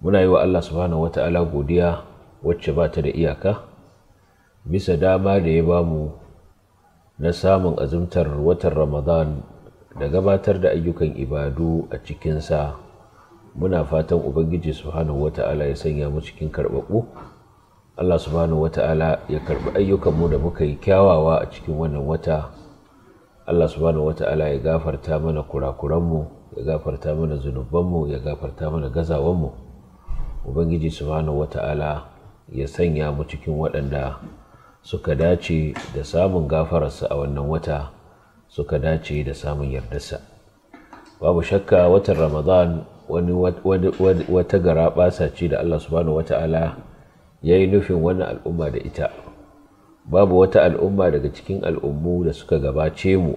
muna yi wa Allah subhanahu wata'ala godiya wacce ba ta da iyaka bisa dama da ya bamu na samun azumtar watan ramadan da gabatar da ayyukan ibadu a cikinsa muna fatan ubangiji subhanahu wata'ala ya sanya mu cikin karɓaɓɓu Allah subhanahu wata'ala ya karɓi ayyukanmu da muka yi kyawawa a cikin wannan wata Allah subhanahu wata'ala ya gafarta mana kurakuranmu ya gafarta mana zunubanmu ya gafarta mana gazawanmu ubangiji subhanahu wata'ala ya sanya mu cikin waɗanda suka dace da samun gafararsa a wannan wata suka dace da samun yardarsa babu shakka watan ramadan wani wata gara ɓasa ce da allah subhanahu wata'ala ya yi nufin wani al'umma da ita babu wata al'umma daga cikin al'ummu da suka gabace mu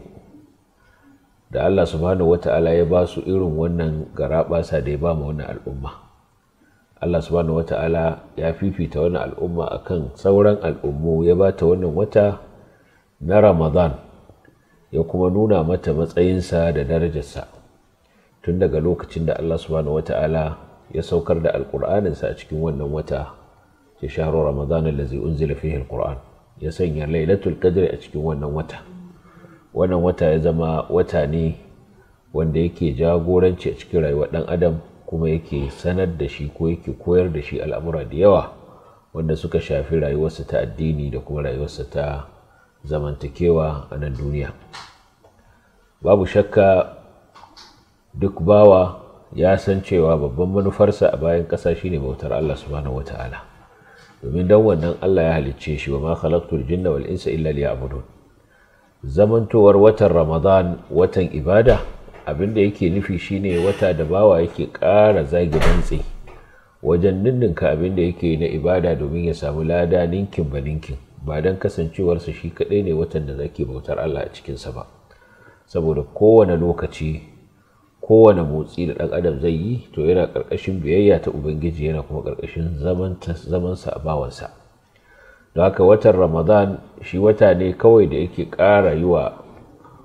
da allah subhanahu wata'ala ya ba su irin wannan gara da ya ba mu wannan al'umma Allah subhanahu wata'ala ya fifita wani al'umma a kan sauran al'ummu ya ba ta wannan wata na Ramadan ya kuma nuna mata matsayinsa da darajarsa tun daga lokacin da Allah subhanahu wata'ala ya saukar da alƙur'aninsa a cikin wannan wata ya sharo Ramadan allazi unzila fihi kur'an ya sanya lailatul qadri a cikin wannan wata wannan wata ya zama wata ne wanda yake jagoranci a cikin rayuwar ɗan adam kuma yake sanar da shi ko yake koyar da shi al'amura da yawa wanda suka shafi rayuwarsa ta addini da kuma rayuwarsa ta zamantakewa a nan duniya babu shakka duk bawa ya san cewa babban manufarsa a bayan ƙasa shine bautar Allah subhanahu wata'ala domin dan wannan Allah ya halicce shi wa ma khalaqtul jinna wal insa illa liya'budun zamantowar watan Ramadan watan ibada abin da yake nufi shine wata da bawa yake ƙara zagi dantse wajen ninninka abin da yake na ibada domin ya samu lada ninkin ba ninkin ba don kasancewarsa shi kaɗai ne watan da zake bautar Allah a cikinsa ba saboda kowane lokaci kowane motsi da ɗan adam zai yi to yana ƙarƙashin biyayya ta ubangiji yana kuma ƙarƙashin zamansa a bawansa don haka watan ramadan shi wata ne kawai da yake ƙara yi wa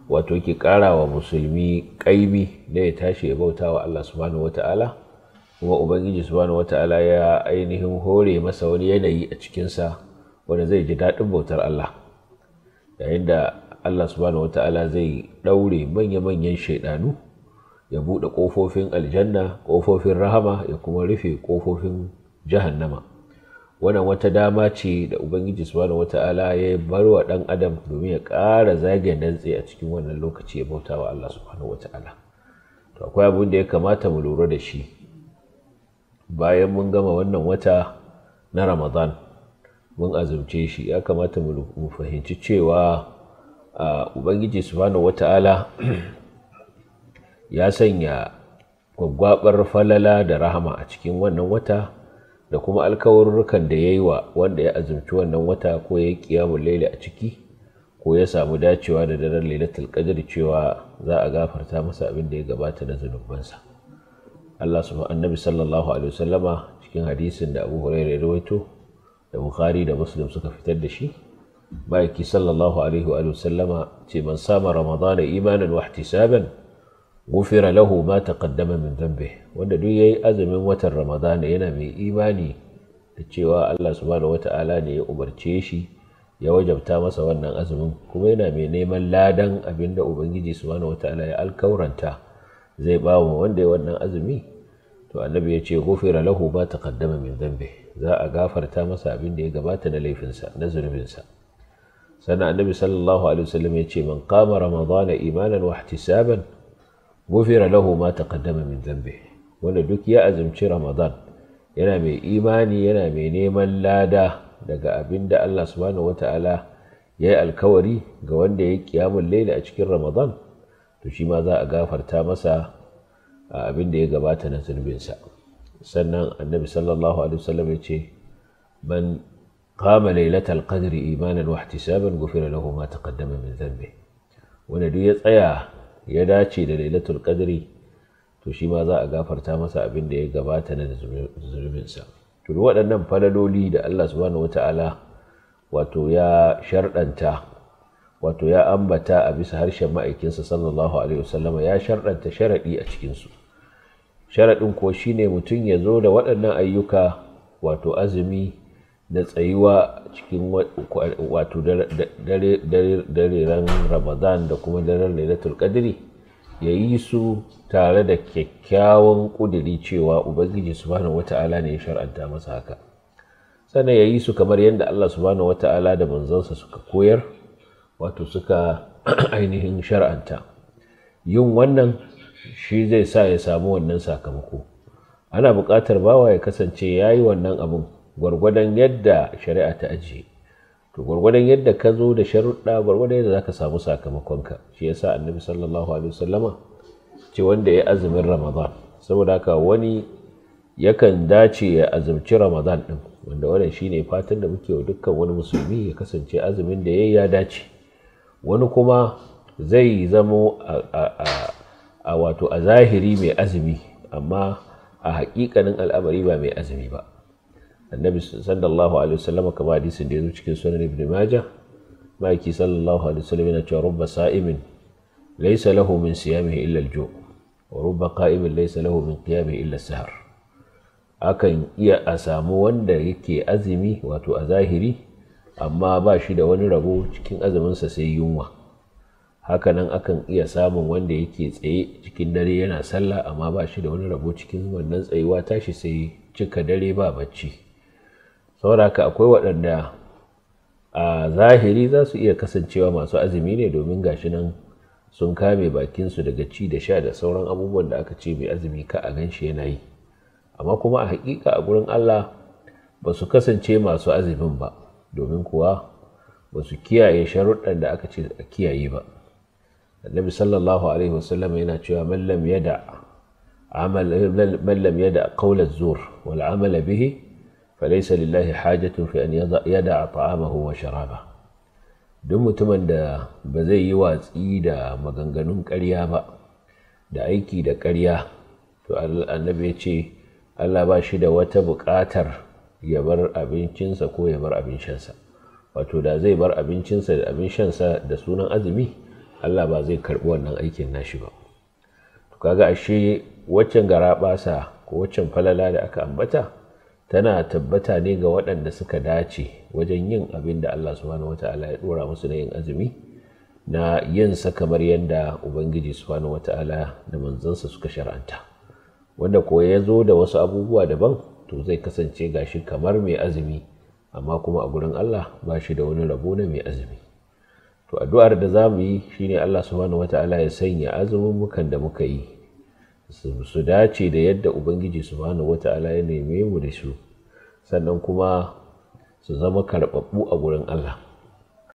wato ki ƙara wa musulmi ƙaimi da ya tashi ya bauta wa Allah subhanahu wata'ala kuma ubangiji subhanahu wata'ala ya ainihin hore masa wani yanayi a cikinsa wanda zai ji daɗin bautar Allah yayin da Allah subhanahu wata'ala zai ɗaure manya-manyan shaidanu ya buɗe ƙofofin aljanna ƙofofin rahama ya kuma rufe ƙofofin jahannama wannan wata dama ce da ubangiji subhanahu ta'ala ya bar wa dan adam domin ya ƙara zagin dantse a cikin wannan lokaci ya bauta wa Allah subhanahu ta'ala to akwai abin da ya kamata mu lura da shi bayan mun gama wannan wata na Ramadan mun azumce shi ya kamata mu fahimci cewa ubangiji subhanahu ta'ala ya sanya gwaggwabar falala da rahama a cikin wannan wata da kuma alkawarurrukan da ya yi wa wanda ya azumci wannan wata ko ya yi kiyamun laili a ciki ko ya samu dacewa da daren lailatul qadr cewa za a gafarta masa abin da ya gabata na zunubansa Allah subhanahu annabi sallallahu alaihi wasallama cikin hadisin da Abu Hurairah ya rawaito da Bukhari da Muslim suka fitar da shi ma'aiki sallallahu alaihi wasallama ce man sama ramadana imanan wa ihtisaban gufira lahu ma taqaddama min dhanbi wanda duk yayi azumin watan ramadana yana mai imani da cewa Allah subhanahu wata'ala ne ya umarce shi ya wajabta masa wannan azumin kuma yana mai neman ladan abinda ubangiji subhanahu wata'ala ya alkauranta zai ba wa wanda ya wannan azumi to annabi ya ce gufira lahu ma taqaddama min dhanbi za a gafarta masa abin da ya gabata na laifinsa na zurbinsa sannan annabi sallallahu alaihi wasallam ya ce man qama ramadana imanan wa ihtisaban gufira lahu ma taqaddama min dhanbi wanda duk ya azumci ramadan yana mai imani yana mai neman lada daga abin da Allah subhanahu ya yi alkawari ga wanda ya kiyamun laila a cikin ramadan to shi ma za a gafarta masa abin da ya gabata na zunubinsa sannan annabi sallallahu alaihi wasallam ya ce man qama lailatal qadri imanan wa ihtisaban ghufira lahu ma taqaddama min dhanbi wanda duk ya tsaya ya dace da lailatul qadri to shi ma za a gafarta masa abin da ya gabata na zunubinsa to waɗannan falaloli da Allah subhanahu wata'ala wato ya sharɗanta wato ya ambata a bisa harshen ma'aikinsa sallallahu alaihi wasallam ya sharɗanta sharaɗi a cikinsu sharaɗin ko shine mutum ya zo da waɗannan ayyuka wato azumi da tsayuwa cikin wato daren ramadan da kuma daren lailatul Kadiri, ya yi su tare da kyakkyawan ƙudiri cewa ubangiji subhanahu wata'ala ne ya shar'anta masa haka sannan ya yi su kamar yadda allah subhanahu wata'ala da manzansa suka koyar wato suka ainihin shar'anta yin wannan shi zai sa ya samu wannan sakamako ana buƙatar bawa ya kasance ya yi wannan abin gwargwadon yadda shari'a ta ajiye to gwargwadon yadda ka zo da sharuɗa gwargwadon yadda za ka samu sakamakonka shi ya sa annabi sallallahu alaihi wasallama ce wanda ya azumin ramadan saboda haka wani yakan dace ya azumci ramadan ɗin wanda wannan shine fatan da muke wa dukkan wani musulmi ya kasance azumin da ya yi ya dace wani kuma zai zamo a wato a zahiri mai azumi amma a hakikanin al'amari ba mai azumi ba annabi sallallahu alaihi wasallam kamar hadisin da ya zo cikin sunan ibn majah maki sallallahu alaihi wasallam yana cewa rubba sa'imin laysa lahu min siyamihi illa al-ju wa rubba qa'imin laysa lahu min qiyamihi illa as-sahar akan iya a samu wanda yake azumi wato a zahiri amma ba shi da wani rabo cikin azuminsa sai yunwa hakanan akan iya samun wanda yake tsaye cikin dare yana sallah amma ba shi da wani rabo cikin wannan tsayuwa tashi sai cika dare ba bacci sauraka akwai waɗanda a zahiri za su iya kasancewa masu azumi ne domin gashi nan sun kame bakinsu daga ci da sha da sauran abubuwan da aka ce mai azumi ka a ganshi yana yi amma kuma a hakika a gurin Allah ba su kasance masu azumin ba domin kuwa ba su kiyaye sharuɗan da aka ce a kiyaye ba annabi sallallahu alaihi wasallam yana cewa mallam yada amal mallam yada qaulaz zur wal amala bihi falaisa lillahi hajatun fi an yada ta'amahu wa sharaba duk mutumin da ba zai yi watsi da maganganun ƙarya ba da aiki da ƙarya to annabi ya ce Allah ba shi da wata buƙatar ya bar abincinsa ko ya bar abincinsa, wato da zai bar abincinsa da abin da sunan azumi Allah ba zai karɓi wannan aikin nashi ba to kaga ashe waccan garaɓasa ko waccan falala da aka ambata tana tabbata ne ga waɗanda suka dace wajen yin abin da Allah subhanahu wata'ala ya dora musu na yin azumi na yin sa kamar yadda ubangiji subhanahu wata'ala da manzansa suka shar'anta wanda ko ya zo da wasu abubuwa daban to zai kasance gashi kamar mai azumi amma kuma a gurin Allah ba shi da wani rabo na mai azumi to addu'ar da za mu yi shine Allah subhanahu wata'ala ya sanya azumin mukan da muka yi su dace da yadda ubangiji subhanahu wata'ala ya neme mu da su sannan kuma su zama karɓaɓɓu a gurin Allah